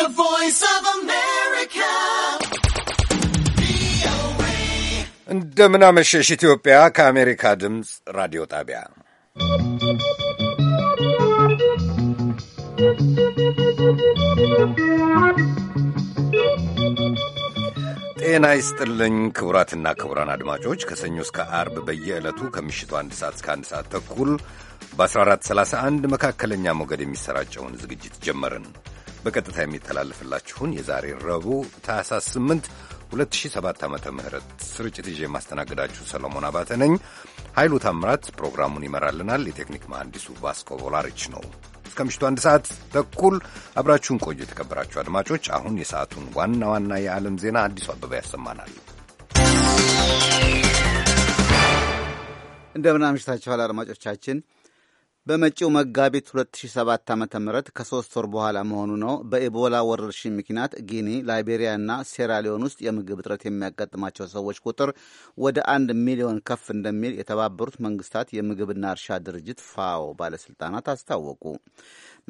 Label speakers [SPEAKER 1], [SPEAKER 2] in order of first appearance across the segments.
[SPEAKER 1] The Voice of America.
[SPEAKER 2] እንደምናመሸሽ ኢትዮጵያ ከአሜሪካ ድምፅ ራዲዮ ጣቢያ ጤና ይስጥልኝ ክቡራትና ክቡራን አድማጮች ከሰኞ እስከ አርብ በየዕለቱ ከምሽቱ አንድ ሰዓት እስከ አንድ ሰዓት ተኩል በ1431 መካከለኛ ሞገድ የሚሰራጨውን ዝግጅት ጀመርን። በቀጥታ የሚተላለፍላችሁን የዛሬ ረቡዕ ታህሳስ 8 2007 ዓ ም ስርጭት ይዤ የማስተናግዳችሁ ሰለሞን አባተ ነኝ። ኃይሉ ታምራት ፕሮግራሙን ይመራልናል። የቴክኒክ መሐንዲሱ ቫስኮ ቮላሪች ነው። እስከ ምሽቱ አንድ ሰዓት ተኩል አብራችሁን ቆዩ። የተከበራችሁ አድማጮች፣ አሁን የሰዓቱን ዋና ዋና የዓለም ዜና አዲሱ አበባ ያሰማናል። እንደምን አምሽታችኋል
[SPEAKER 3] አድማጮቻችን። በመጪው መጋቢት 2007 ዓ ም ከሶስት ወር በኋላ መሆኑ ነው። በኢቦላ ወረርሽኝ ምክንያት ጊኒ፣ እና ሴራሊዮን ውስጥ የምግብ እጥረት የሚያጋጥማቸው ሰዎች ቁጥር ወደ አንድ ሚሊዮን ከፍ እንደሚል የተባበሩት መንግስታት የምግብና እርሻ ድርጅት ፋኦ ባለሥልጣናት አስታወቁ።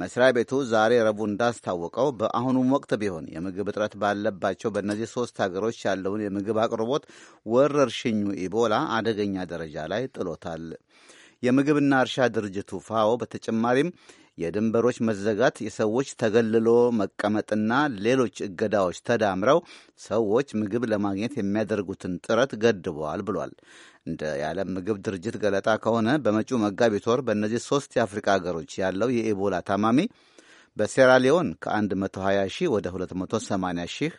[SPEAKER 3] መስሪያ ቤቱ ዛሬ ረቡዕ እንዳስታወቀው በአሁኑም ወቅት ቢሆን የምግብ እጥረት ባለባቸው በእነዚህ ሶስት ሀገሮች ያለውን የምግብ አቅርቦት ወረርሽኙ ኢቦላ አደገኛ ደረጃ ላይ ጥሎታል። የምግብና እርሻ ድርጅቱ ፋኦ በተጨማሪም የድንበሮች መዘጋት፣ የሰዎች ተገልሎ መቀመጥና ሌሎች እገዳዎች ተዳምረው ሰዎች ምግብ ለማግኘት የሚያደርጉትን ጥረት ገድበዋል ብሏል። እንደ የዓለም ምግብ ድርጅት ገለጣ ከሆነ በመጪው መጋቢት ወር በእነዚህ ሶስት የአፍሪካ ሀገሮች ያለው የኢቦላ ታማሚ በሴራሊዮን ከ120 ሺህ ወደ 280 ሺህ፣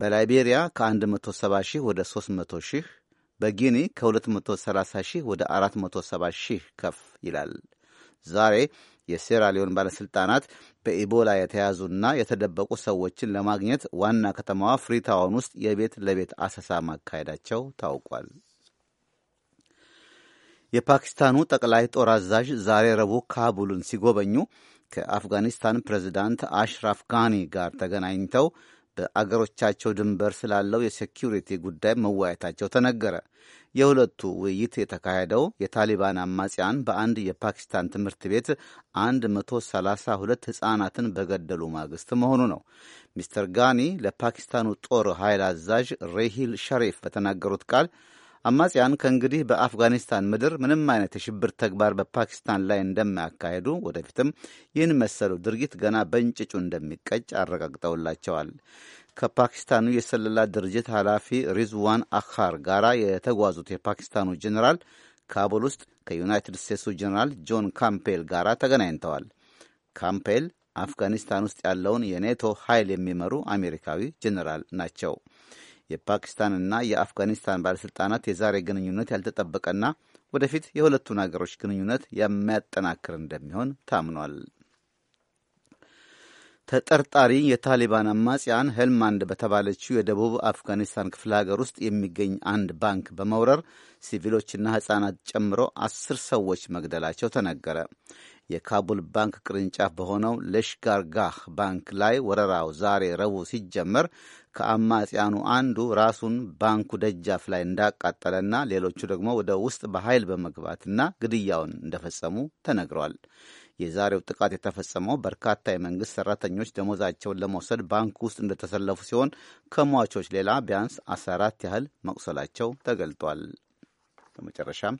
[SPEAKER 3] በላይቤሪያ ከ170 ሺህ ወደ 300 ሺህ በጊኒ ከ230 ሺህ ወደ 470 ሺህ ከፍ ይላል። ዛሬ የሴራሊዮን ባለሥልጣናት በኢቦላ የተያዙና የተደበቁ ሰዎችን ለማግኘት ዋና ከተማዋ ፍሪታውን ውስጥ የቤት ለቤት አሰሳ ማካሄዳቸው ታውቋል። የፓኪስታኑ ጠቅላይ ጦር አዛዥ ዛሬ ረቡዕ ካቡልን ሲጎበኙ ከአፍጋኒስታን ፕሬዚዳንት አሽራፍ ጋኒ ጋር ተገናኝተው በአገሮቻቸው ድንበር ስላለው የሴኪሪቲ ጉዳይ መወያየታቸው ተነገረ። የሁለቱ ውይይት የተካሄደው የታሊባን አማጽያን በአንድ የፓኪስታን ትምህርት ቤት 132 ሕፃናትን በገደሉ ማግስት መሆኑ ነው። ሚስተር ጋኒ ለፓኪስታኑ ጦር ኃይል አዛዥ ሬሂል ሸሪፍ በተናገሩት ቃል አማጽያን ከእንግዲህ በአፍጋኒስታን ምድር ምንም አይነት የሽብር ተግባር በፓኪስታን ላይ እንደማያካሄዱ ወደፊትም ይህን መሰሉ ድርጊት ገና በእንጭጩ እንደሚቀጭ አረጋግጠውላቸዋል። ከፓኪስታኑ የስለላ ድርጅት ኃላፊ ሪዝዋን አኻር ጋራ የተጓዙት የፓኪስታኑ ጀኔራል ካቡል ውስጥ ከዩናይትድ ስቴትሱ ጀኔራል ጆን ካምፔል ጋራ ተገናኝተዋል። ካምፔል አፍጋኒስታን ውስጥ ያለውን የኔቶ ኃይል የሚመሩ አሜሪካዊ ጀኔራል ናቸው። የፓኪስታንና የአፍጋኒስታን ባለሥልጣናት የዛሬ ግንኙነት ያልተጠበቀና ወደፊት የሁለቱን አገሮች ግንኙነት የሚያጠናክር እንደሚሆን ታምኗል። ተጠርጣሪ የታሊባን አማጽያን ሄልማንድ በተባለችው የደቡብ አፍጋኒስታን ክፍለ ሀገር ውስጥ የሚገኝ አንድ ባንክ በመውረር ሲቪሎችና ሕፃናት ጨምሮ አስር ሰዎች መግደላቸው ተነገረ። የካቡል ባንክ ቅርንጫፍ በሆነው ለሽጋርጋህ ባንክ ላይ ወረራው ዛሬ ረቡዕ ሲጀመር ከአማጽያኑ አንዱ ራሱን ባንኩ ደጃፍ ላይ እንዳቃጠለና ሌሎቹ ደግሞ ወደ ውስጥ በኃይል በመግባትና ግድያውን እንደፈጸሙ ተነግሯል። የዛሬው ጥቃት የተፈጸመው በርካታ የመንግስት ሰራተኞች ደሞዛቸውን ለመውሰድ ባንክ ውስጥ እንደተሰለፉ ሲሆን ከሟቾች ሌላ ቢያንስ 14 ያህል መቁሰላቸው ተገልጧል። በመጨረሻም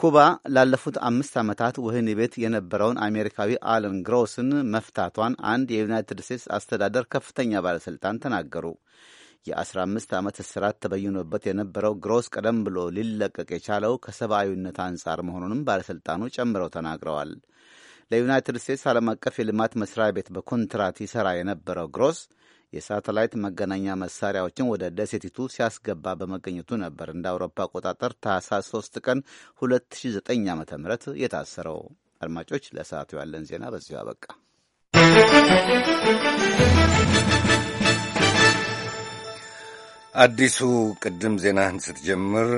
[SPEAKER 3] ኩባ ላለፉት አምስት ዓመታት ወህኒ ቤት የነበረውን አሜሪካዊ አለን ግሮስን መፍታቷን አንድ የዩናይትድ ስቴትስ አስተዳደር ከፍተኛ ባለሥልጣን ተናገሩ። የ15 ዓመት እስራት ተበይኖበት የነበረው ግሮስ ቀደም ብሎ ሊለቀቅ የቻለው ከሰብአዊነት አንጻር መሆኑንም ባለሥልጣኑ ጨምረው ተናግረዋል። ለዩናይትድ ስቴትስ ዓለም አቀፍ የልማት መስሪያ ቤት በኮንትራት ይሠራ የነበረው ግሮስ የሳተላይት መገናኛ መሳሪያዎችን ወደ ደሴቲቱ ሲያስገባ በመገኘቱ ነበር እንደ አውሮፓ አቆጣጠር ታህሳስ 3 ቀን 2009 ዓ ም የታሰረው። አድማጮች፣ ለሰዓቱ ያለን ዜና በዚሁ አበቃ።
[SPEAKER 2] አዲሱ ቅድም ዜናህን ስትጀምር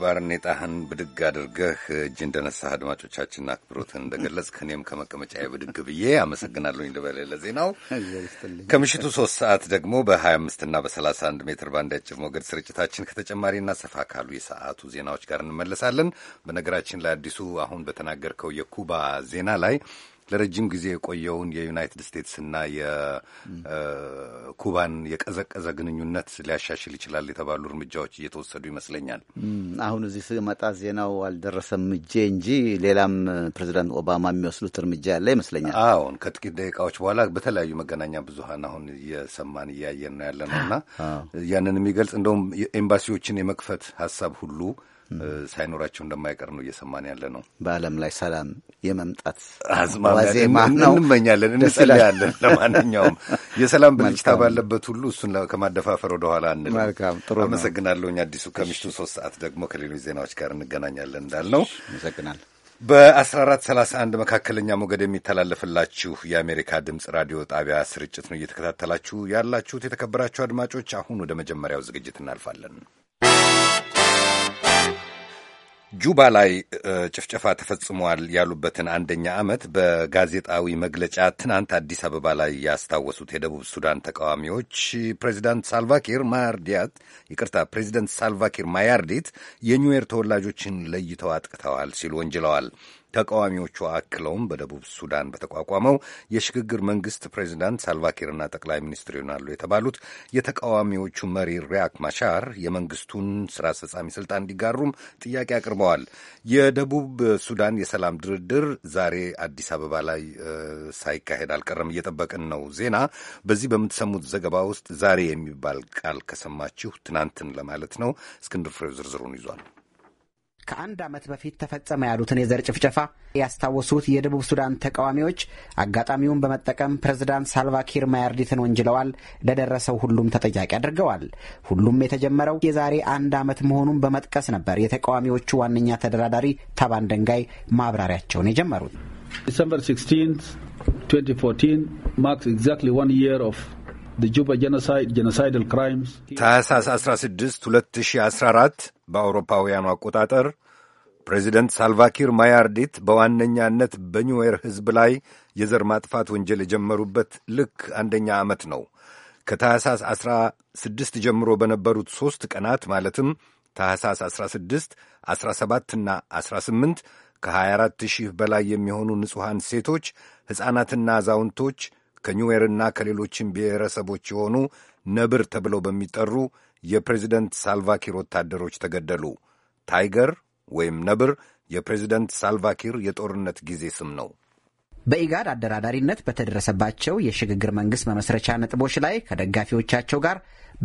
[SPEAKER 2] ባርኔጣህን ብድግ አድርገህ እጅ እንደነሳ አድማጮቻችንና አክብሮትህን እንደገለጽ እኔም ከመቀመጫ የብድግ ብዬ አመሰግናለሁኝ ልበልህ ለዜናው። ከምሽቱ ሶስት ሰዓት ደግሞ በሀያ 25 እና በ31 ሜትር ባንድ አጭር ሞገድ ስርጭታችን ከተጨማሪና ሰፋ ካሉ የሰዓቱ ዜናዎች ጋር እንመለሳለን። በነገራችን ላይ አዲሱ አሁን በተናገርከው የኩባ ዜና ላይ ለረጅም ጊዜ የቆየውን የዩናይትድ ስቴትስና የኩባን የቀዘቀዘ ግንኙነት ሊያሻሽል ይችላል የተባሉ እርምጃዎች እየተወሰዱ ይመስለኛል። አሁን እዚህ ስመጣ ዜናው አልደረሰም እጄ እንጂ ሌላም ፕሬዚዳንት ኦባማ የሚወስዱት እርምጃ ያለ ይመስለኛል። አሁን ከጥቂት ደቂቃዎች በኋላ በተለያዩ መገናኛ ብዙኃን አሁን እየሰማን እያየን ነው ያለ ነው እና ያንን የሚገልጽ እንደውም ኤምባሲዎችን የመክፈት ሀሳብ ሁሉ ሳይኖራቸው እንደማይቀር ነው እየሰማን ያለ ነው። በዓለም ላይ ሰላም የመምጣት አዝማሚያ ነው እንመኛለን፣ እንጸልያለን። ለማንኛውም የሰላም ብልጭታ ባለበት ሁሉ እሱን ከማደፋፈር ወደኋላ አንልም። መልካም ጥሩ አመሰግናለሁኝ አዲሱ። ከምሽቱ ሶስት ሰዓት ደግሞ ከሌሎች ዜናዎች ጋር እንገናኛለን እንዳልነው አመሰግናለሁ። በ1431 መካከለኛ ሞገድ የሚተላለፍላችሁ የአሜሪካ ድምፅ ራዲዮ ጣቢያ ስርጭት ነው እየተከታተላችሁ ያላችሁት። የተከበራችሁ አድማጮች፣ አሁን ወደ መጀመሪያው ዝግጅት እናልፋለን። ጁባ ላይ ጭፍጨፋ ተፈጽሟል ያሉበትን አንደኛ ዓመት በጋዜጣዊ መግለጫ ትናንት አዲስ አበባ ላይ ያስታወሱት የደቡብ ሱዳን ተቃዋሚዎች ፕሬዚዳንት ሳልቫኪር ማያርዲት ይቅርታ፣ ፕሬዚዳንት ሳልቫኪር ማያርዲት የኒውዌር ተወላጆችን ለይተው አጥቅተዋል ሲሉ ወንጅለዋል። ተቃዋሚዎቹ አክለውም በደቡብ ሱዳን በተቋቋመው የሽግግር መንግስት ፕሬዚዳንት ሳልቫኪርና ጠቅላይ ሚኒስትር ይሆናሉ የተባሉት የተቃዋሚዎቹ መሪ ሪያክ ማሻር የመንግስቱን ስራ አስፈጻሚ ስልጣን እንዲጋሩም ጥያቄ አቅርበዋል። የደቡብ ሱዳን የሰላም ድርድር ዛሬ አዲስ አበባ ላይ ሳይካሄድ አልቀረም። እየጠበቅን ነው። ዜና በዚህ በምትሰሙት ዘገባ ውስጥ ዛሬ የሚባል ቃል ከሰማችሁ ትናንትን ለማለት ነው። እስክንድር ፍሬው ዝርዝሩን ይዟል።
[SPEAKER 4] ከአንድ ዓመት በፊት ተፈጸመ ያሉትን የዘር ጭፍጨፋ ያስታወሱት የደቡብ ሱዳን ተቃዋሚዎች አጋጣሚውን በመጠቀም ፕሬዝዳንት ሳልቫኪር ማያርዲትን ወንጅለዋል፣ ለደረሰው ሁሉም ተጠያቂ አድርገዋል። ሁሉም የተጀመረው የዛሬ አንድ ዓመት መሆኑን በመጥቀስ ነበር የተቃዋሚዎቹ ዋነኛ ተደራዳሪ ታባን ደንጋይ ማብራሪያቸውን የጀመሩት
[SPEAKER 5] ዲሰምበር 16 2014 ማርክስ ኤግዛክትሊ
[SPEAKER 2] ዋን ይር ኦፍ ታህሳስ 16 2014 በአውሮፓውያኑ አቆጣጠር ፕሬዚደንት ሳልቫኪር ማያርዲት በዋነኛነት በኒዌር ሕዝብ ላይ የዘር ማጥፋት ወንጀል የጀመሩበት ልክ አንደኛ ዓመት ነው። ከታህሳስ 16 ጀምሮ በነበሩት ሦስት ቀናት ማለትም ታህሳስ 16፣ 17 እና 18 ከ24 ሺህ በላይ የሚሆኑ ንጹሐን ሴቶች፣ ሕፃናትና አዛውንቶች ከኒዌርና ከሌሎችም ብሔረሰቦች የሆኑ ነብር ተብለው በሚጠሩ የፕሬዚደንት ሳልቫኪር ወታደሮች ተገደሉ። ታይገር ወይም ነብር የፕሬዚደንት ሳልቫኪር የጦርነት ጊዜ ስም ነው።
[SPEAKER 4] በኢጋድ አደራዳሪነት በተደረሰባቸው የሽግግር መንግስት መመስረቻ ነጥቦች ላይ ከደጋፊዎቻቸው ጋር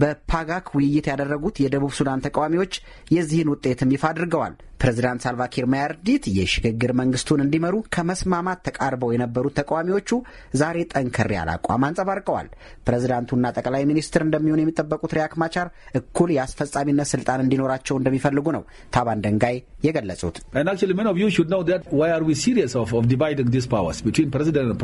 [SPEAKER 4] በፓጋክ ውይይት ያደረጉት የደቡብ ሱዳን ተቃዋሚዎች የዚህን ውጤትም ይፋ አድርገዋል። ፕሬዝዳንት ሳልቫኪር ማያርዲት የሽግግር መንግስቱን እንዲመሩ ከመስማማት ተቃርበው የነበሩት ተቃዋሚዎቹ ዛሬ ጠንከር ያለ አቋም አንጸባርቀዋል። ፕሬዝዳንቱና ጠቅላይ ሚኒስትር እንደሚሆኑ የሚጠበቁት ሪያክ ማቻር እኩል የአስፈጻሚነት ስልጣን እንዲኖራቸው እንደሚፈልጉ ነው ታባን ደንጋይ የገለጹት።
[SPEAKER 2] ፕሬዚደንት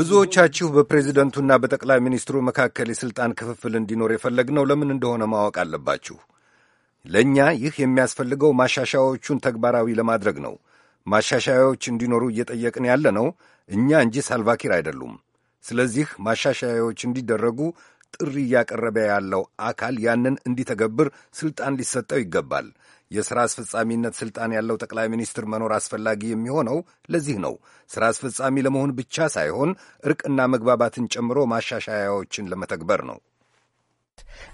[SPEAKER 2] ብዙዎቻችሁ በፕሬዚደንቱና በጠቅላይ ሚኒስትሩ መካከል የሥልጣን ክፍፍል እንዲኖር የፈለግነው ለምን እንደሆነ ማወቅ አለባችሁ። ለእኛ ይህ የሚያስፈልገው ማሻሻያዎቹን ተግባራዊ ለማድረግ ነው። ማሻሻያዎች እንዲኖሩ እየጠየቅን ያለ ነው እኛ እንጂ ሳልቫኪር አይደሉም። ስለዚህ ማሻሻያዎች እንዲደረጉ ጥሪ እያቀረበ ያለው አካል ያንን እንዲተገብር ስልጣን ሊሰጠው ይገባል። የሥራ አስፈጻሚነት ሥልጣን ያለው ጠቅላይ ሚኒስትር መኖር አስፈላጊ የሚሆነው ለዚህ ነው። ሥራ አስፈጻሚ ለመሆን ብቻ ሳይሆን እርቅና መግባባትን ጨምሮ ማሻሻያዎችን ለመተግበር ነው።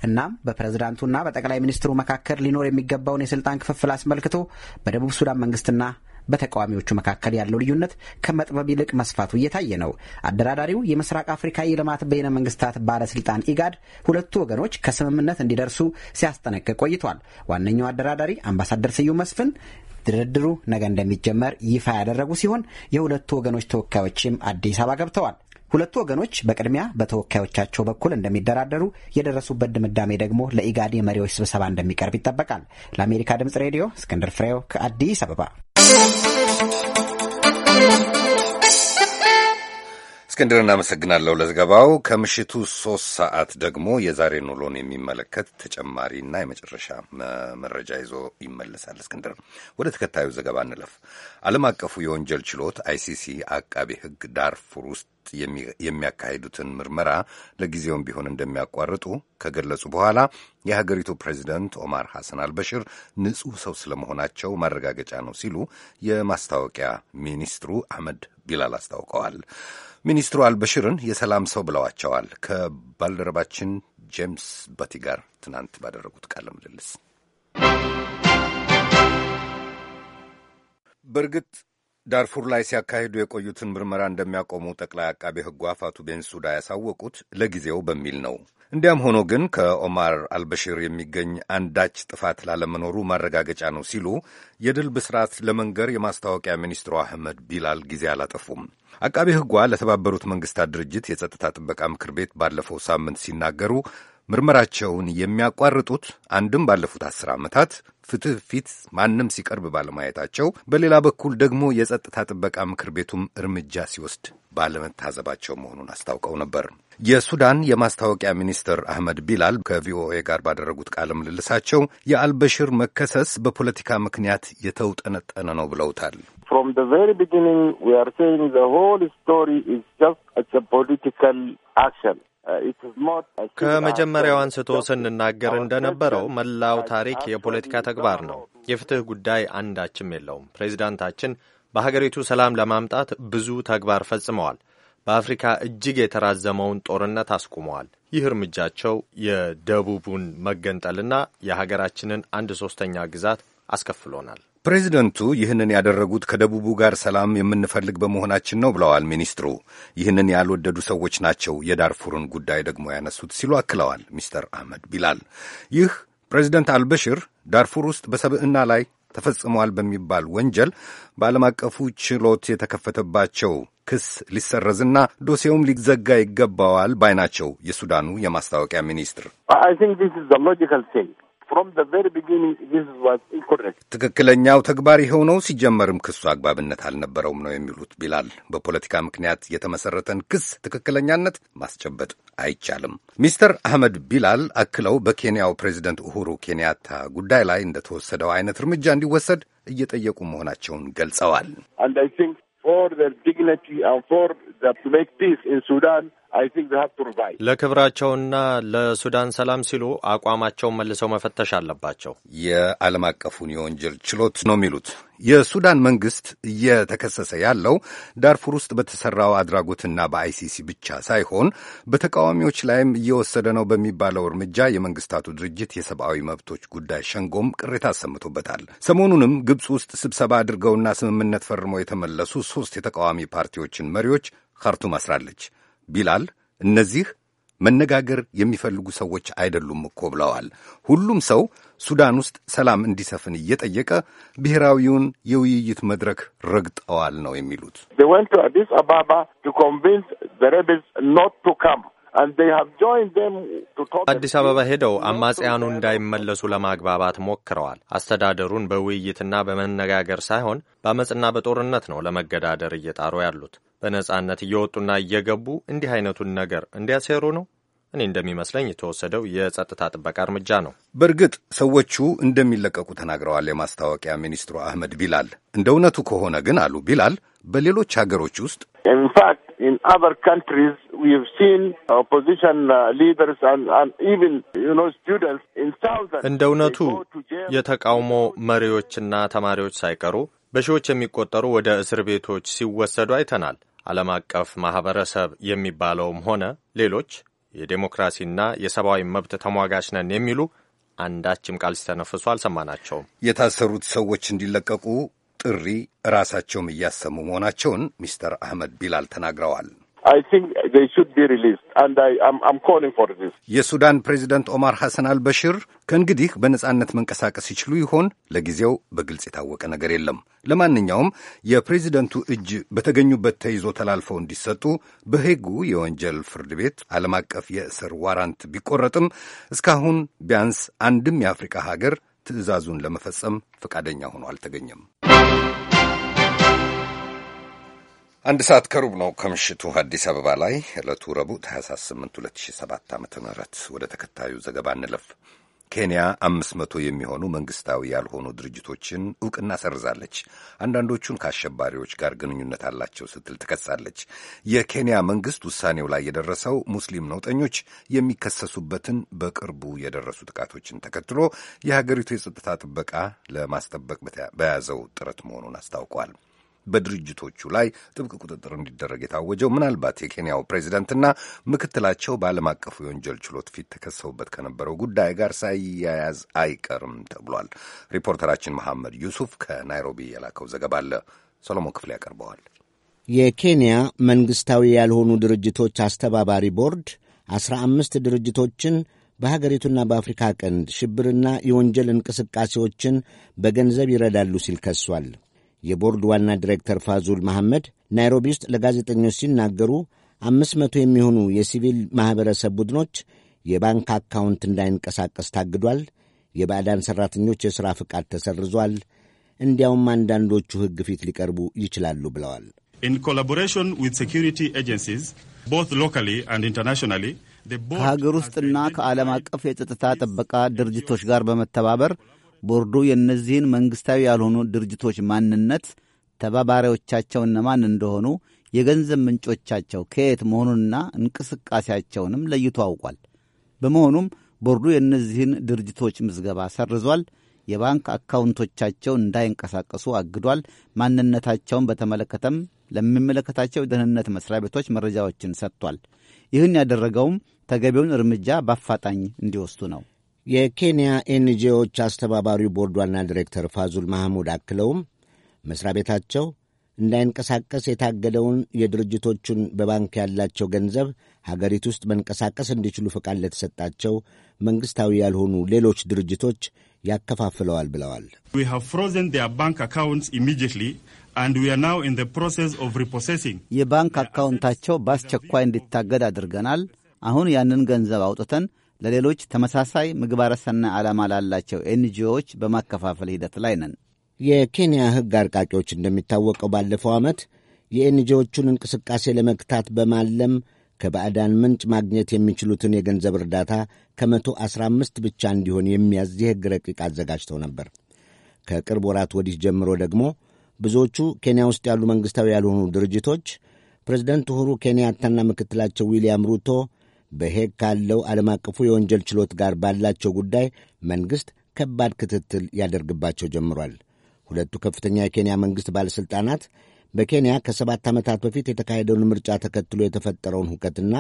[SPEAKER 4] እናም በፕሬዝዳንቱና በጠቅላይ ሚኒስትሩ መካከል ሊኖር የሚገባውን የሥልጣን ክፍፍል አስመልክቶ በደቡብ ሱዳን መንግሥትና በተቃዋሚዎቹ መካከል ያለው ልዩነት ከመጥበብ ይልቅ መስፋቱ እየታየ ነው። አደራዳሪው የምስራቅ አፍሪካ የልማት በይነ መንግስታት ባለስልጣን ኢጋድ ሁለቱ ወገኖች ከስምምነት እንዲደርሱ ሲያስጠነቅቅ ቆይቷል። ዋነኛው አደራዳሪ አምባሳደር ስዩም መስፍን ድርድሩ ነገ እንደሚጀመር ይፋ ያደረጉ ሲሆን የሁለቱ ወገኖች ተወካዮችም አዲስ አበባ ገብተዋል። ሁለቱ ወገኖች በቅድሚያ በተወካዮቻቸው በኩል እንደሚደራደሩ የደረሱበት ድምዳሜ ደግሞ ለኢጋድ የመሪዎች ስብሰባ እንደሚቀርብ ይጠበቃል። ለአሜሪካ ድምጽ ሬዲዮ እስክንድር ፍሬው ከአዲስ አበባ thank you
[SPEAKER 2] እስክንድር እናመሰግናለሁ ለዘገባው። ከምሽቱ ሶስት ሰዓት ደግሞ የዛሬን ውሎን የሚመለከት ተጨማሪና የመጨረሻ መረጃ ይዞ ይመለሳል እስክንድር። ወደ ተከታዩ ዘገባ እንለፍ። ዓለም አቀፉ የወንጀል ችሎት አይሲሲ አቃቤ ሕግ ዳርፉር ውስጥ የሚያካሂዱትን ምርመራ ለጊዜውም ቢሆን እንደሚያቋርጡ ከገለጹ በኋላ የሀገሪቱ ፕሬዚደንት ኦማር ሐሰን አልበሽር ንጹሕ ሰው ስለመሆናቸው ማረጋገጫ ነው ሲሉ የማስታወቂያ ሚኒስትሩ አህመድ ቢላል አስታውቀዋል። ሚኒስትሩ አልበሽርን የሰላም ሰው ብለዋቸዋል። ከባልደረባችን ጄምስ በቲ ጋር ትናንት ባደረጉት ቃለ ምልልስ በእርግጥ ዳርፉር ላይ ሲያካሂዱ የቆዩትን ምርመራ እንደሚያቆሙ ጠቅላይ አቃቤ ሕጉ አፋቱ ቤንሱዳ ያሳወቁት ለጊዜው በሚል ነው። እንዲያም ሆኖ ግን ከኦማር አልበሽር የሚገኝ አንዳች ጥፋት ላለመኖሩ ማረጋገጫ ነው ሲሉ የድል ብስራት ለመንገር የማስታወቂያ ሚኒስትሩ አህመድ ቢላል ጊዜ አላጠፉም። አቃቤ ሕጓ ለተባበሩት መንግስታት ድርጅት የጸጥታ ጥበቃ ምክር ቤት ባለፈው ሳምንት ሲናገሩ ምርመራቸውን የሚያቋርጡት አንድም ባለፉት አስር ዓመታት ፍትህ ፊት ማንም ሲቀርብ ባለማየታቸው፣ በሌላ በኩል ደግሞ የጸጥታ ጥበቃ ምክር ቤቱም እርምጃ ሲወስድ ባለመታዘባቸው መሆኑን አስታውቀው ነበር። የሱዳን የማስታወቂያ ሚኒስትር አህመድ ቢላል ከቪኦኤ ጋር ባደረጉት ቃለ ምልልሳቸው የአልበሽር መከሰስ በፖለቲካ ምክንያት የተውጠነጠነ ነው ብለውታል።
[SPEAKER 5] ፍሮም ዘ ቢጊኒንግ ዊ አር ሴይንግ ዘ ሆል ስቶሪ ኢዝ ጀስት ፖለቲካል አክሽን ከመጀመሪያው
[SPEAKER 6] አንስቶ ስንናገር እንደነበረው መላው ታሪክ የፖለቲካ ተግባር ነው። የፍትህ ጉዳይ አንዳችም የለውም። ፕሬዚዳንታችን በሀገሪቱ ሰላም ለማምጣት ብዙ ተግባር ፈጽመዋል። በአፍሪካ እጅግ የተራዘመውን ጦርነት አስቁመዋል። ይህ እርምጃቸው የደቡቡን መገንጠልና የሀገራችንን አንድ ሶስተኛ ግዛት አስከፍሎናል።
[SPEAKER 2] ፕሬዚደንቱ ይህንን ያደረጉት ከደቡቡ ጋር ሰላም የምንፈልግ በመሆናችን ነው ብለዋል ሚኒስትሩ። ይህንን ያልወደዱ ሰዎች ናቸው የዳርፉርን ጉዳይ ደግሞ ያነሱት ሲሉ አክለዋል ሚስተር አህመድ ቢላል። ይህ ፕሬዚደንት አልበሽር ዳርፉር ውስጥ በሰብዕና ላይ ተፈጽሟል በሚባል ወንጀል በዓለም አቀፉ ችሎት የተከፈተባቸው ክስ ሊሰረዝና ዶሴውም ሊዘጋ ይገባዋል ባይ ናቸው። የሱዳኑ የማስታወቂያ ሚኒስትር ትክክለኛው ተግባር የሆነው ሲጀመርም ክሱ አግባብነት አልነበረውም ነው የሚሉት ቢላል። በፖለቲካ ምክንያት የተመሰረተን ክስ ትክክለኛነት ማስጨበጥ አይቻልም። ሚስተር አህመድ ቢላል አክለው በኬንያው ፕሬዚደንት ኡሁሩ ኬንያታ ጉዳይ ላይ እንደተወሰደው አይነት እርምጃ እንዲወሰድ እየጠየቁ መሆናቸውን ገልጸዋል።
[SPEAKER 5] for their dignity and for the, to make peace in Sudan
[SPEAKER 2] ለክብራቸውና
[SPEAKER 6] ለሱዳን ሰላም ሲሉ አቋማቸውን መልሰው መፈተሽ አለባቸው። የዓለም አቀፉን
[SPEAKER 2] የወንጀል ችሎት ነው የሚሉት። የሱዳን መንግስት እየተከሰሰ ያለው ዳርፉር ውስጥ በተሠራው አድራጎትና በአይሲሲ ብቻ ሳይሆን በተቃዋሚዎች ላይም እየወሰደ ነው በሚባለው እርምጃ የመንግስታቱ ድርጅት የሰብአዊ መብቶች ጉዳይ ሸንጎም ቅሬታ አሰምቶበታል። ሰሞኑንም ግብፅ ውስጥ ስብሰባ አድርገውና ስምምነት ፈርመው የተመለሱ ሦስት የተቃዋሚ ፓርቲዎችን መሪዎች ካርቱም አስራለች። ቢላል እነዚህ መነጋገር የሚፈልጉ ሰዎች አይደሉም እኮ ብለዋል። ሁሉም ሰው ሱዳን ውስጥ ሰላም እንዲሰፍን እየጠየቀ ብሔራዊውን የውይይት መድረክ ረግጠዋል ነው የሚሉት። አዲስ
[SPEAKER 5] አበባ
[SPEAKER 6] አዲስ አበባ ሄደው አማጽያኑ እንዳይመለሱ ለማግባባት ሞክረዋል። አስተዳደሩን በውይይትና በመነጋገር ሳይሆን በአመፅና በጦርነት ነው ለመገዳደር እየጣሩ ያሉት። በነጻነት እየወጡና እየገቡ እንዲህ አይነቱን ነገር እንዲያሴሩ ነው። እኔ እንደሚመስለኝ የተወሰደው የጸጥታ ጥበቃ እርምጃ ነው።
[SPEAKER 2] በእርግጥ ሰዎቹ እንደሚለቀቁ ተናግረዋል የማስታወቂያ ሚኒስትሩ አህመድ ቢላል። እንደ እውነቱ ከሆነ ግን አሉ ቢላል፣ በሌሎች ሀገሮች ውስጥ
[SPEAKER 5] ኢንፋክት ኢን አዘር ካንትሪዝ ዊ ሃቭ ሲን ኦፖዚሽን ሊደርስ አንድ ኢቭን ዩ ኖ ስቱደንትስ ኢን ሳውዘን እንደ እውነቱ
[SPEAKER 6] የተቃውሞ መሪዎችና ተማሪዎች ሳይቀሩ በሺዎች የሚቆጠሩ ወደ እስር ቤቶች ሲወሰዱ አይተናል። ዓለም አቀፍ ማኅበረሰብ የሚባለውም ሆነ ሌሎች የዴሞክራሲና የሰብአዊ መብት ተሟጋች ነን የሚሉ አንዳችም ቃል ሲተነፍሱ አልሰማናቸውም።
[SPEAKER 2] የታሰሩት ሰዎች እንዲለቀቁ ጥሪ ራሳቸውም እያሰሙ መሆናቸውን ሚስተር አህመድ ቢላል ተናግረዋል። የሱዳን ፕሬዚደንት ኦማር ሐሰን አልበሽር ከእንግዲህ በነጻነት መንቀሳቀስ ይችሉ ይሆን? ለጊዜው በግልጽ የታወቀ ነገር የለም። ለማንኛውም የፕሬዚደንቱ እጅ በተገኙበት ተይዞ ተላልፈው እንዲሰጡ በሄጉ የወንጀል ፍርድ ቤት ዓለም አቀፍ የእስር ዋራንት ቢቆረጥም እስካሁን ቢያንስ አንድም የአፍሪካ ሀገር ትዕዛዙን ለመፈጸም ፈቃደኛ ሆኖ አልተገኘም። አንድ ሰዓት ከሩብ ነው ከምሽቱ አዲስ አበባ ላይ ዕለቱ ረቡዕ 28 2007 ዓ ም ወደ ተከታዩ ዘገባ እንለፍ። ኬንያ አምስት መቶ የሚሆኑ መንግሥታዊ ያልሆኑ ድርጅቶችን ዕውቅና ሰርዛለች። አንዳንዶቹን ከአሸባሪዎች ጋር ግንኙነት አላቸው ስትል ትከሳለች። የኬንያ መንግሥት ውሳኔው ላይ የደረሰው ሙስሊም ነውጠኞች የሚከሰሱበትን በቅርቡ የደረሱ ጥቃቶችን ተከትሎ የሀገሪቱ የጸጥታ ጥበቃ ለማስጠበቅ በያዘው ጥረት መሆኑን አስታውቋል። በድርጅቶቹ ላይ ጥብቅ ቁጥጥር እንዲደረግ የታወጀው ምናልባት የኬንያው ፕሬዚደንትና ምክትላቸው በዓለም አቀፉ የወንጀል ችሎት ፊት ተከሰውበት ከነበረው ጉዳይ ጋር ሳይያያዝ አይቀርም ተብሏል። ሪፖርተራችን መሐመድ ዩሱፍ ከናይሮቢ የላከው ዘገባ አለ። ሰሎሞን ክፍሌ ያቀርበዋል።
[SPEAKER 7] የኬንያ መንግሥታዊ ያልሆኑ ድርጅቶች አስተባባሪ ቦርድ አስራ አምስት ድርጅቶችን በሀገሪቱና በአፍሪካ ቀንድ ሽብርና የወንጀል እንቅስቃሴዎችን በገንዘብ ይረዳሉ ሲል ከሷል። የቦርድ ዋና ዲሬክተር ፋዙል መሐመድ ናይሮቢ ውስጥ ለጋዜጠኞች ሲናገሩ አምስት መቶ የሚሆኑ የሲቪል ማኅበረሰብ ቡድኖች የባንክ አካውንት እንዳይንቀሳቀስ ታግዷል። የባዕዳን ሠራተኞች የሥራ ፍቃድ ተሰርዟል። እንዲያውም አንዳንዶቹ ሕግ ፊት ሊቀርቡ ይችላሉ ብለዋል።
[SPEAKER 6] ኢን ኮላቦሬሽን ዊዝ ሴኪሪቲ ኤጀንሲስ ቦዝ ሎካሊ አንድ ኢንተርናሽናሊ ከሀገር ውስጥና
[SPEAKER 3] ከዓለም አቀፍ የጸጥታ ጥበቃ ድርጅቶች ጋር በመተባበር ቦርዱ የእነዚህን መንግሥታዊ ያልሆኑ ድርጅቶች ማንነት፣ ተባባሪዎቻቸው እነማን እንደሆኑ፣ የገንዘብ ምንጮቻቸው ከየት መሆኑንና እንቅስቃሴያቸውንም ለይቶ አውቋል። በመሆኑም ቦርዱ የእነዚህን ድርጅቶች ምዝገባ ሰርዟል። የባንክ አካውንቶቻቸው እንዳይንቀሳቀሱ አግዷል። ማንነታቸውን በተመለከተም ለሚመለከታቸው የደህንነት መስሪያ ቤቶች መረጃዎችን ሰጥቷል። ይህን ያደረገውም ተገቢውን እርምጃ
[SPEAKER 7] በአፋጣኝ እንዲወስዱ ነው። የኬንያ ኤንጂዎች አስተባባሪ ቦርድ ዋና ዲሬክተር ፋዙል ማህሙድ አክለውም መሥሪያ ቤታቸው እንዳይንቀሳቀስ የታገደውን የድርጅቶቹን በባንክ ያላቸው ገንዘብ ሀገሪቱ ውስጥ መንቀሳቀስ እንዲችሉ ፈቃድ ለተሰጣቸው መንግሥታዊ ያልሆኑ ሌሎች ድርጅቶች ያከፋፍለዋል ብለዋል።
[SPEAKER 3] የባንክ አካውንታቸው በአስቸኳይ እንዲታገድ አድርገናል። አሁን ያንን ገንዘብ አውጥተን ለሌሎች ተመሳሳይ ምግባረ ሰናይ ዓላማ ላላቸው ኤንጂዎች በማከፋፈል ሂደት ላይ ነን።
[SPEAKER 7] የኬንያ ሕግ አርቃቂዎች እንደሚታወቀው ባለፈው ዓመት የኤንጂዎቹን እንቅስቃሴ ለመግታት በማለም ከባዕዳን ምንጭ ማግኘት የሚችሉትን የገንዘብ እርዳታ ከመቶ አስራ አምስት ብቻ እንዲሆን የሚያዝ የሕግ ረቂቅ አዘጋጅተው ነበር። ከቅርብ ወራት ወዲህ ጀምሮ ደግሞ ብዙዎቹ ኬንያ ውስጥ ያሉ መንግሥታዊ ያልሆኑ ድርጅቶች ፕሬዚደንት ኡሁሩ ኬንያታና ምክትላቸው ዊልያም ሩቶ በሄግ ካለው ዓለም አቀፉ የወንጀል ችሎት ጋር ባላቸው ጉዳይ መንግሥት ከባድ ክትትል ያደርግባቸው ጀምሯል። ሁለቱ ከፍተኛ የኬንያ መንግሥት ባለሥልጣናት በኬንያ ከሰባት ዓመታት በፊት የተካሄደውን ምርጫ ተከትሎ የተፈጠረውን ሁከትና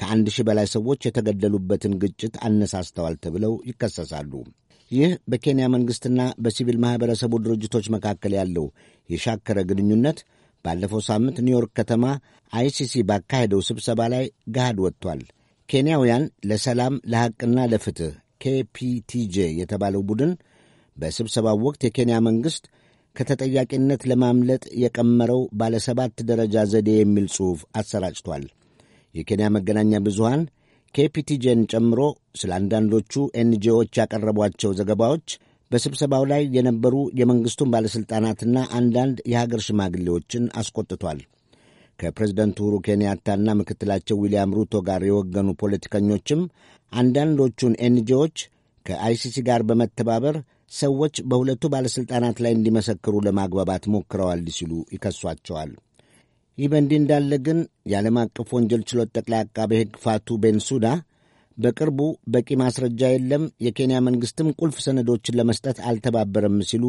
[SPEAKER 7] ከአንድ ሺህ በላይ ሰዎች የተገደሉበትን ግጭት አነሳስተዋል ተብለው ይከሰሳሉ። ይህ በኬንያ መንግሥትና በሲቪል ማኅበረሰቡ ድርጅቶች መካከል ያለው የሻከረ ግንኙነት ባለፈው ሳምንት ኒውዮርክ ከተማ አይሲሲ ባካሄደው ስብሰባ ላይ ገሃድ ወጥቷል። ኬንያውያን ለሰላም ለሐቅና ለፍትሕ ኬፒቲጄ የተባለው ቡድን በስብሰባው ወቅት የኬንያ መንግሥት ከተጠያቂነት ለማምለጥ የቀመረው ባለ ሰባት ደረጃ ዘዴ የሚል ጽሑፍ አሰራጭቷል። የኬንያ መገናኛ ብዙሃን ኬፒቲጄን ጨምሮ ስለ አንዳንዶቹ ኤንጂኦዎች ያቀረቧቸው ዘገባዎች በስብሰባው ላይ የነበሩ የመንግሥቱን ባለሥልጣናትና አንዳንድ የሀገር ሽማግሌዎችን አስቆጥቷል። ከፕሬዝደንት ሁሩ ኬንያታና ምክትላቸው ዊልያም ሩቶ ጋር የወገኑ ፖለቲከኞችም አንዳንዶቹን ኤንጂዎች ከአይሲሲ ጋር በመተባበር ሰዎች በሁለቱ ባለሥልጣናት ላይ እንዲመሰክሩ ለማግባባት ሞክረዋል ሲሉ ይከሷቸዋል። ይህ በእንዲህ እንዳለ ግን የዓለም አቀፍ ወንጀል ችሎት ጠቅላይ አቃቤ ሕግ ፋቱ ቤንሱዳ በቅርቡ በቂ ማስረጃ የለም፣ የኬንያ መንግሥትም ቁልፍ ሰነዶችን ለመስጠት አልተባበረም ሲሉ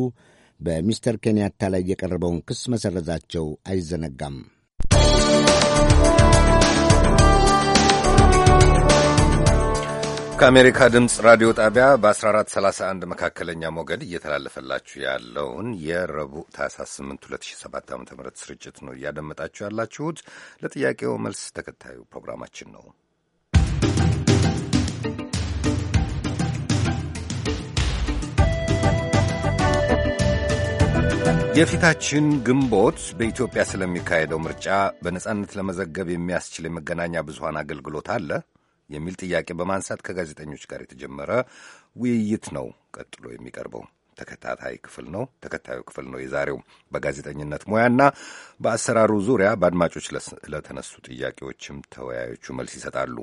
[SPEAKER 7] በሚስተር ኬንያታ ላይ የቀረበውን ክስ መሰረዛቸው አይዘነጋም።
[SPEAKER 2] ከአሜሪካ ድምፅ ራዲዮ ጣቢያ በ1431 መካከለኛ ሞገድ እየተላለፈላችሁ ያለውን የረቡዕ ታህሳስ 8 2007 ዓ ም ስርጭት ነው እያደመጣችሁ ያላችሁት። ለጥያቄው መልስ ተከታዩ ፕሮግራማችን ነው። የፊታችን ግንቦት በኢትዮጵያ ስለሚካሄደው ምርጫ በነጻነት ለመዘገብ የሚያስችል የመገናኛ ብዙሃን አገልግሎት አለ? የሚል ጥያቄ በማንሳት ከጋዜጠኞች ጋር የተጀመረ ውይይት ነው ቀጥሎ የሚቀርበው ተከታታይ ክፍል ነው። ተከታዩ ክፍል ነው የዛሬው። በጋዜጠኝነት ሙያና በአሰራሩ ዙሪያ በአድማጮች ለተነሱ ጥያቄዎችም ተወያዮቹ መልስ ይሰጣሉ።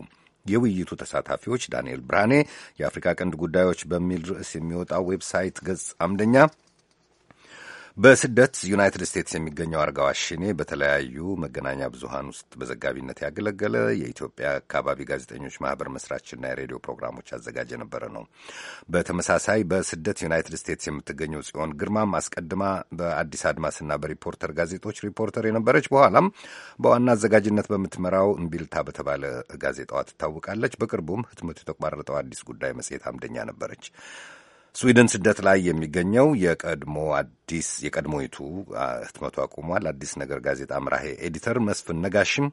[SPEAKER 2] የውይይቱ ተሳታፊዎች ዳንኤል ብርሃኔ የአፍሪካ ቀንድ ጉዳዮች በሚል ርዕስ የሚወጣው ዌብሳይት ገጽ አምደኛ በስደት ዩናይትድ ስቴትስ የሚገኘው አርጋው አሽኔ በተለያዩ መገናኛ ብዙሃን ውስጥ በዘጋቢነት ያገለገለ የኢትዮጵያ አካባቢ ጋዜጠኞች ማህበር መስራችና የሬዲዮ ፕሮግራሞች አዘጋጅ የነበረ ነው። በተመሳሳይ በስደት ዩናይትድ ስቴትስ የምትገኘው ጽዮን ግርማም አስቀድማ በአዲስ አድማስና በሪፖርተር ጋዜጦች ሪፖርተር የነበረች በኋላም በዋና አዘጋጅነት በምትመራው እምቢልታ በተባለ ጋዜጣዋ ትታወቃለች። በቅርቡም ህትመቱ የተቋረጠው አዲስ ጉዳይ መጽሔት አምደኛ ነበረች። ስዊድን ስደት ላይ የሚገኘው የቀድሞ አዲስ የቀድሞይቱ ህትመቱ አቁሟል አዲስ ነገር ጋዜጣ መራሄ ኤዲተር መስፍን ነጋሽም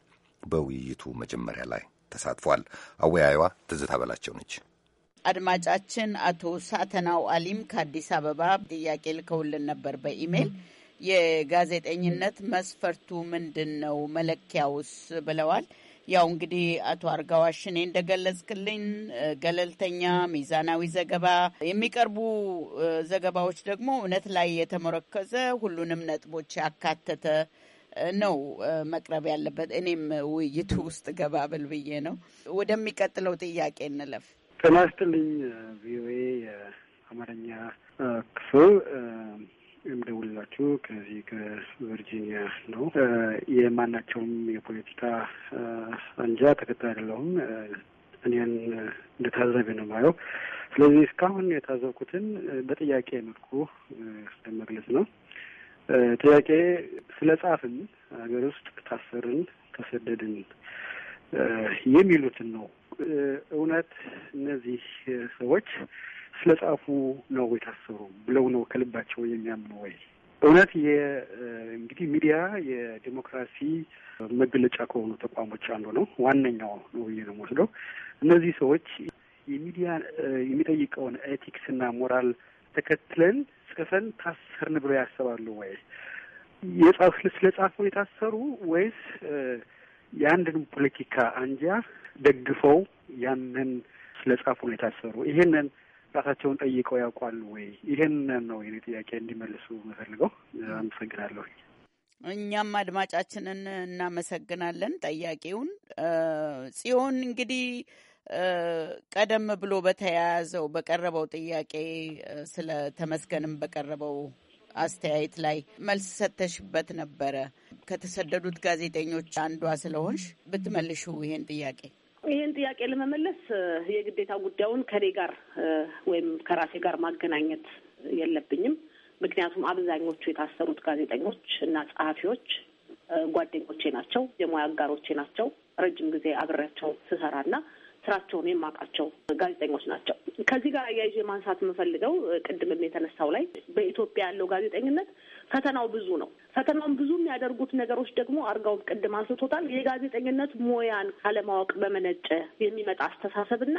[SPEAKER 2] በውይይቱ መጀመሪያ ላይ ተሳትፏል። አወያዩዋ ትዝታ በላቸው
[SPEAKER 8] ነች። አድማጫችን አቶ ሳተናው አሊም ከአዲስ አበባ ጥያቄ ልከውልን ነበር በኢሜይል የጋዜጠኝነት መስፈርቱ ምንድን ነው? መለኪያውስ ብለዋል። ያው እንግዲህ አቶ አርጋዋሽ እኔ እንደገለጽክልኝ ገለልተኛ፣ ሚዛናዊ ዘገባ የሚቀርቡ ዘገባዎች ደግሞ እውነት ላይ የተመረከዘ ሁሉንም ነጥቦች ያካተተ ነው መቅረብ ያለበት። እኔም ውይይቱ ውስጥ ገባ ብዬ ነው። ወደሚቀጥለው ጥያቄ እንለፍ።
[SPEAKER 5] ጤና ይስጥልኝ ቪኦኤ የአማርኛ ክፍል የምደውልላችሁ ከዚህ ከቨርጂኒያ ነው። የማናቸውም የፖለቲካ አንጃ ተከታይ አይደለሁም። እኔን እንደ ነው ማየው ስለዚህ እስካሁን የታዘብኩትን በጥያቄ መልኩ ለመግለጽ ነው። ጥያቄ ስለ ጻፍን፣ ሀገር ውስጥ ታሰርን፣ ተሰደድን የሚሉትን ነው። እውነት እነዚህ ሰዎች ስለ ጻፉ ነው የታሰሩ ብለው ነው ከልባቸው የሚያምኑ ወይ? እውነት እንግዲህ ሚዲያ የዲሞክራሲ መገለጫ ከሆኑ ተቋሞች አንዱ ነው፣ ዋነኛው ነው ብዬ ነው የምወስደው። እነዚህ ሰዎች የሚዲያ የሚጠይቀውን ኤቲክስና ሞራል ተከትለን ጽፈን ታሰርን ብለው ያስባሉ ወይ? ስለ ጻፈው የታሰሩ ወይስ የአንድን ፖለቲካ አንጃ ደግፈው ያንን ስለ ጻፉ ነው የታሰሩ? ይሄንን ራሳቸውን ጠይቀው ያውቋል ወይ? ይህን ነው የኔ ጥያቄ እንዲመልሱ መፈልገው። አመሰግናለሁ።
[SPEAKER 8] እኛም አድማጫችንን እናመሰግናለን ጠያቂውን። ጽዮን እንግዲህ ቀደም ብሎ በተያያዘው በቀረበው ጥያቄ ስለ ተመስገንም በቀረበው አስተያየት ላይ መልስ ሰተሽበት ነበረ። ከተሰደዱት ጋዜጠኞች አንዷ ስለሆንሽ ብትመልሹ ይሄን ጥያቄ
[SPEAKER 1] ይህን ጥያቄ ለመመለስ የግዴታ ጉዳዩን ከኔ ጋር ወይም ከራሴ ጋር ማገናኘት የለብኝም። ምክንያቱም አብዛኞቹ የታሰሩት ጋዜጠኞች እና ጸሐፊዎች ጓደኞቼ ናቸው፣ የሙያ አጋሮቼ ናቸው። ረጅም ጊዜ አብሬያቸው ስሰራና ስራቸውን የማውቃቸው ጋዜጠኞች ናቸው። ከዚህ ጋር አያይዤ ማንሳት የምፈልገው ቅድምም የተነሳው ላይ በኢትዮጵያ ያለው ጋዜጠኝነት ፈተናው ብዙ ነው። ፈተናውን ብዙ የሚያደርጉት ነገሮች ደግሞ አርጋውም ቅድም አንስቶታል። የጋዜጠኝነት ሙያን ካለማወቅ በመነጨ የሚመጣ አስተሳሰብና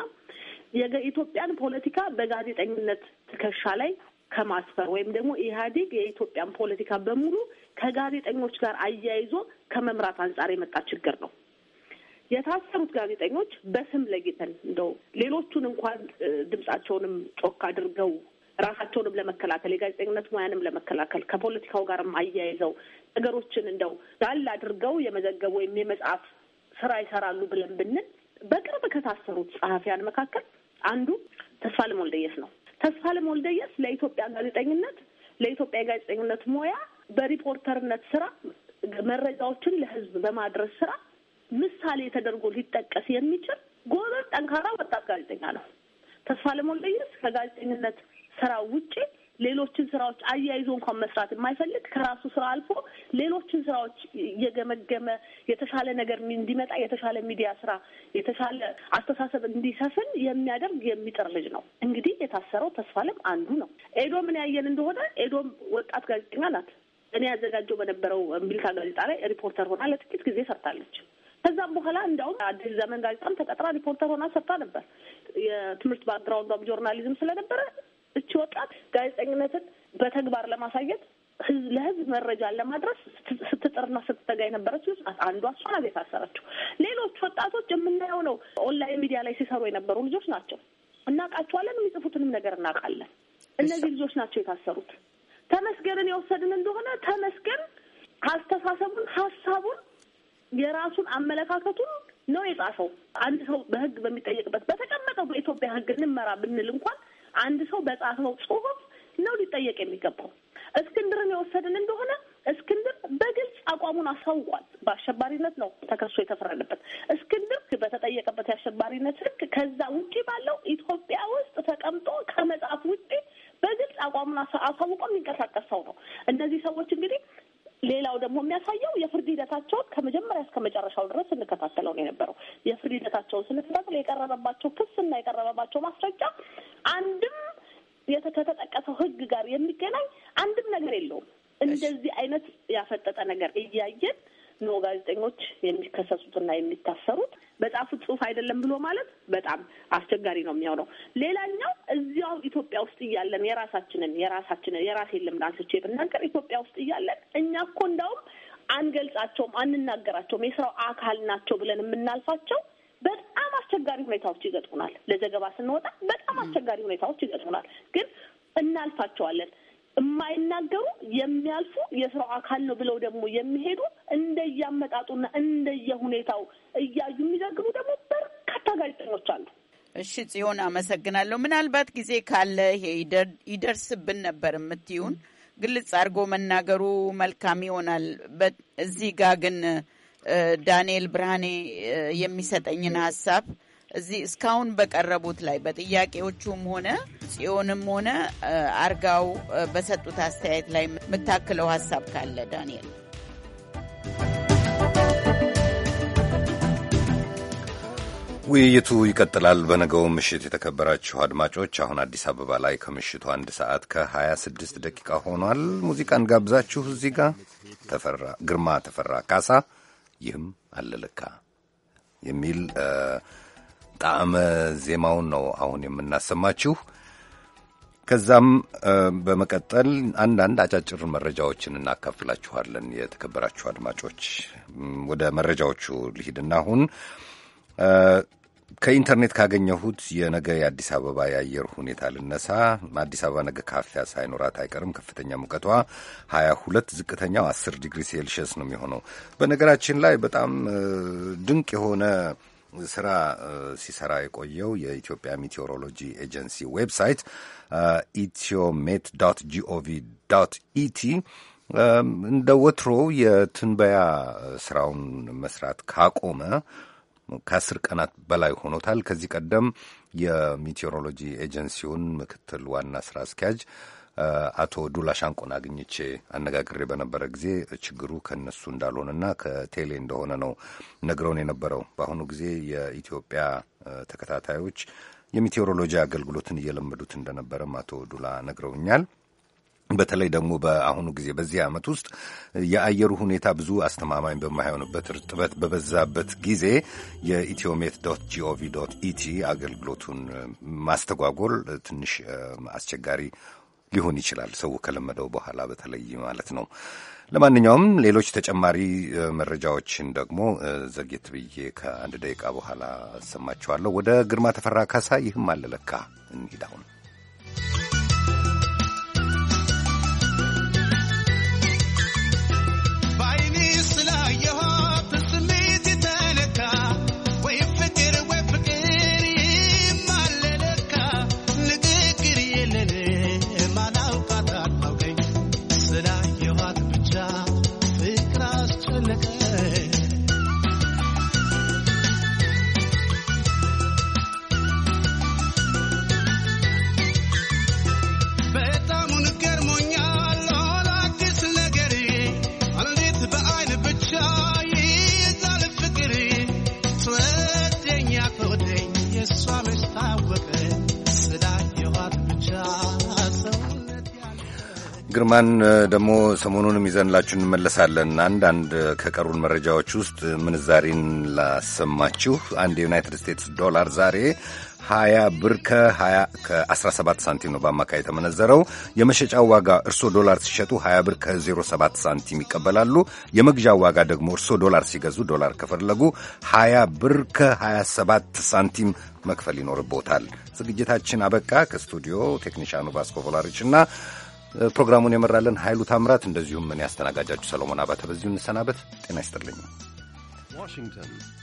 [SPEAKER 1] የኢትዮጵያን ፖለቲካ በጋዜጠኝነት ትከሻ ላይ ከማስፈር ወይም ደግሞ ኢህአዴግ የኢትዮጵያን ፖለቲካ በሙሉ ከጋዜጠኞች ጋር አያይዞ ከመምራት አንጻር የመጣ ችግር ነው። የታሰሩት ጋዜጠኞች በስም ለይተን እንደው ሌሎቹን እንኳን ድምጻቸውንም ጮክ አድርገው ራሳቸውንም ለመከላከል የጋዜጠኝነት ሙያንም ለመከላከል ከፖለቲካው ጋርም አያይዘው ነገሮችን እንደው ዳል አድርገው የመዘገብ ወይም የመጻፍ ስራ ይሰራሉ ብለን ብንል በቅርብ ከታሰሩት ጸሐፊያን መካከል አንዱ ተስፋለም ወልደየስ ነው። ተስፋለም ወልደየስ ለኢትዮጵያ ጋዜጠኝነት ለኢትዮጵያ የጋዜጠኝነት ሙያ በሪፖርተርነት ስራ መረጃዎችን ለህዝብ በማድረስ ስራ ምሳሌ ተደርጎ ሊጠቀስ የሚችል ጎበዝ፣ ጠንካራ ወጣት ጋዜጠኛ ነው። ተስፋ ለሞለየስ ከጋዜጠኝነት ስራ ውጪ ሌሎችን ስራዎች አያይዞ እንኳን መስራት የማይፈልግ ከራሱ ስራ አልፎ ሌሎችን ስራዎች እየገመገመ የተሻለ ነገር እንዲመጣ የተሻለ ሚዲያ ስራ፣ የተሻለ አስተሳሰብ እንዲሰፍን የሚያደርግ የሚጥር ልጅ ነው። እንግዲህ የታሰረው ተስፋለም አንዱ ነው። ምን ያየን እንደሆነ ኤዶም ወጣት ጋዜጠኛ ናት። እኔ ያዘጋጀው በነበረው ሚልካ ጋዜጣ ላይ ሪፖርተር ሆና ለጥቂት ጊዜ ሰርታለች። ከዛም በኋላ እንዲያውም አዲስ ዘመን ጋዜጣም ተቀጥራ ሪፖርተር ሆና ሰርታ ነበር። የትምህርት ባክግራውንዷም ጆርናሊዝም ስለነበረ እቺ ወጣት ጋዜጠኝነትን በተግባር ለማሳየት ለህዝብ መረጃን ለማድረስ ስትጥርና ስትተጋ የነበረች ናት። አንዷ እሷ ናት የታሰረችው። ሌሎች ወጣቶች የምናየው ነው። ኦንላይን ሚዲያ ላይ ሲሰሩ የነበሩ ልጆች ናቸው። እናውቃቸዋለን። የሚጽፉትንም ነገር እናውቃለን። እነዚህ ልጆች ናቸው የታሰሩት። ተመስገንን የወሰድን እንደሆነ ተመስገን አስተሳሰቡን ሀሳቡን የራሱን አመለካከቱን ነው የጻፈው። አንድ ሰው በህግ በሚጠየቅበት በተቀመጠው በኢትዮጵያ ህግ እንመራ ብንል እንኳን አንድ ሰው በጻፈው ጽሁፍ ነው ሊጠየቅ የሚገባው። እስክንድርን የወሰድን እንደሆነ እስክንድር በግልጽ አቋሙን አሳውቋል። በአሸባሪነት ነው ተከሶ የተፈረደበት። እስክንድር በተጠየቀበት የአሸባሪነት ህግ ከዛ ውጪ ባለው ኢትዮጵያ ውስጥ ተቀምጦ ከመጽሐፍ ውጪ በግልጽ አቋሙን አሳውቆ የሚንቀሳቀስ ሰው ነው። እነዚህ ሰዎች እንግዲህ ሌላው ደግሞ የሚያሳየው የፍርድ ሂደታቸውን ከመጀመሪያ እስከ መጨረሻው ድረስ እንከታተለው ነው የነበረው። የፍርድ ሂደታቸውን ስንከታተል የቀረበባቸው እና የቀረበባቸው ማስረጃ አንድም ከተጠቀሰው ሕግ ጋር የሚገናኝ አንድም ነገር የለውም። እንደዚህ አይነት ያፈጠጠ ነገር እያየን ነው ጋዜጠኞች የሚከሰሱትና የሚታሰሩት በጻፉት ጽሁፍ አይደለም ብሎ ማለት በጣም አስቸጋሪ ነው የሚሆነው። ሌላኛው እዚያው ኢትዮጵያ ውስጥ እያለን የራሳችንን የራሳችንን የራሴ ልምድ አንስቼ ብናገር ኢትዮጵያ ውስጥ እያለን እኛ እኮ እንዳውም አንገልጻቸውም፣ አንናገራቸውም የስራው አካል ናቸው ብለን የምናልፋቸው በጣም አስቸጋሪ ሁኔታዎች ይገጥሙናል። ለዘገባ ስንወጣ በጣም አስቸጋሪ ሁኔታዎች ይገጥሙናል፣ ግን እናልፋቸዋለን። የማይናገሩ የሚያልፉ የስራው አካል ነው ብለው ደግሞ የሚሄዱ እንደየአመጣጡና
[SPEAKER 8] እንደየሁኔታው እያዩ የሚዘግቡ ደግሞ በርካታ ጋዜጠኞች አሉ። እሺ ጽዮን አመሰግናለሁ። ምናልባት ጊዜ ካለ ይሄ ይደርስብን ነበር የምትይውን ግልጽ አድርጎ መናገሩ መልካም ይሆናል። እዚህ ጋ ግን ዳንኤል ብርሃኔ የሚሰጠኝን ሀሳብ እዚህ እስካሁን በቀረቡት ላይ በጥያቄዎቹም ሆነ ጽዮንም ሆነ አርጋው በሰጡት አስተያየት ላይ የምታክለው ሀሳብ ካለ ዳንኤል?
[SPEAKER 2] ውይይቱ ይቀጥላል በነገው ምሽት። የተከበራችሁ አድማጮች አሁን አዲስ አበባ ላይ ከምሽቱ አንድ ሰዓት ከ26 ደቂቃ ሆኗል። ሙዚቃን ጋብዛችሁ እዚህ ጋር ተፈራ ግርማ ተፈራ ካሳ ይህም አለለካ የሚል ጣዕመ ዜማውን ነው አሁን የምናሰማችሁ። ከዛም በመቀጠል አንዳንድ አጫጭር መረጃዎችን እናካፍላችኋለን። የተከበራችሁ አድማጮች ወደ መረጃዎቹ ልሂድና አሁን ከኢንተርኔት ካገኘሁት የነገ የአዲስ አበባ የአየር ሁኔታ ልነሳ። አዲስ አበባ ነገ ካፊያ ሳይኖራት አይቀርም። ከፍተኛ ሙቀቷ 22፣ ዝቅተኛው 10 ዲግሪ ሴልሽየስ ነው የሚሆነው። በነገራችን ላይ በጣም ድንቅ የሆነ ስራ ሲሰራ የቆየው የኢትዮጵያ ሚቴዎሮሎጂ ኤጀንሲ ዌብሳይት ኢትዮሜት ዶት ጂኦቪ ዶት ኢቲ እንደ ወትሮ የትንበያ ስራውን መስራት ካቆመ ከአስር ቀናት በላይ ሆኖታል። ከዚህ ቀደም የሚቴዎሮሎጂ ኤጀንሲውን ምክትል ዋና ስራ አስኪያጅ አቶ ዱላ ሻንቆን አግኝቼ አነጋግሬ በነበረ ጊዜ ችግሩ ከነሱ እንዳልሆነና ከቴሌ እንደሆነ ነው ነግረውን የነበረው። በአሁኑ ጊዜ የኢትዮጵያ ተከታታዮች የሜቴዎሮሎጂ አገልግሎትን እየለመዱት እንደነበረም አቶ ዱላ ነግረውኛል። በተለይ ደግሞ በአሁኑ ጊዜ በዚህ ዓመት ውስጥ የአየሩ ሁኔታ ብዙ አስተማማኝ በማይሆንበት እርጥበት በበዛበት ጊዜ የኢትዮሜት ዶት ጂኦቪ ዶት ኢቲ አገልግሎቱን ማስተጓጎል ትንሽ አስቸጋሪ ሊሆን ይችላል። ሰው ከለመደው በኋላ በተለይ ማለት ነው። ለማንኛውም ሌሎች ተጨማሪ መረጃዎችን ደግሞ ዘግየት ብዬ ከአንድ ደቂቃ በኋላ አሰማችኋለሁ። ወደ ግርማ ተፈራ ካሳ ይህም አለለካ እንሂድ አሁን ግርማን ደግሞ ሰሞኑንም ይዘንላችሁ እንመለሳለን። አንዳንድ ከቀሩን መረጃዎች ውስጥ ምንዛሬን ላሰማችሁ። አንድ የዩናይትድ ስቴትስ ዶላር ዛሬ 20 ብር ከ17 ሳንቲም ነው በአማካይ የተመነዘረው። የመሸጫው ዋጋ እርሶ ዶላር ሲሸጡ 20 ብር ከ07 ሳንቲም ይቀበላሉ። የመግዣው ዋጋ ደግሞ እርሶ ዶላር ሲገዙ ዶላር ከፈለጉ 20 ብር ከ27 ሳንቲም መክፈል ይኖርቦታል። ዝግጅታችን አበቃ። ከስቱዲዮ ቴክኒሻኑ ቫስኮ ቮላሪች እና ፕሮግራሙን የመራለን ኃይሉ ታምራት፣ እንደዚሁም እኔ አስተናጋጃችሁ ሰሎሞን አባተ በዚሁ እንሰናበት። ጤና ይስጥልኝ።
[SPEAKER 5] ዋሽንግተን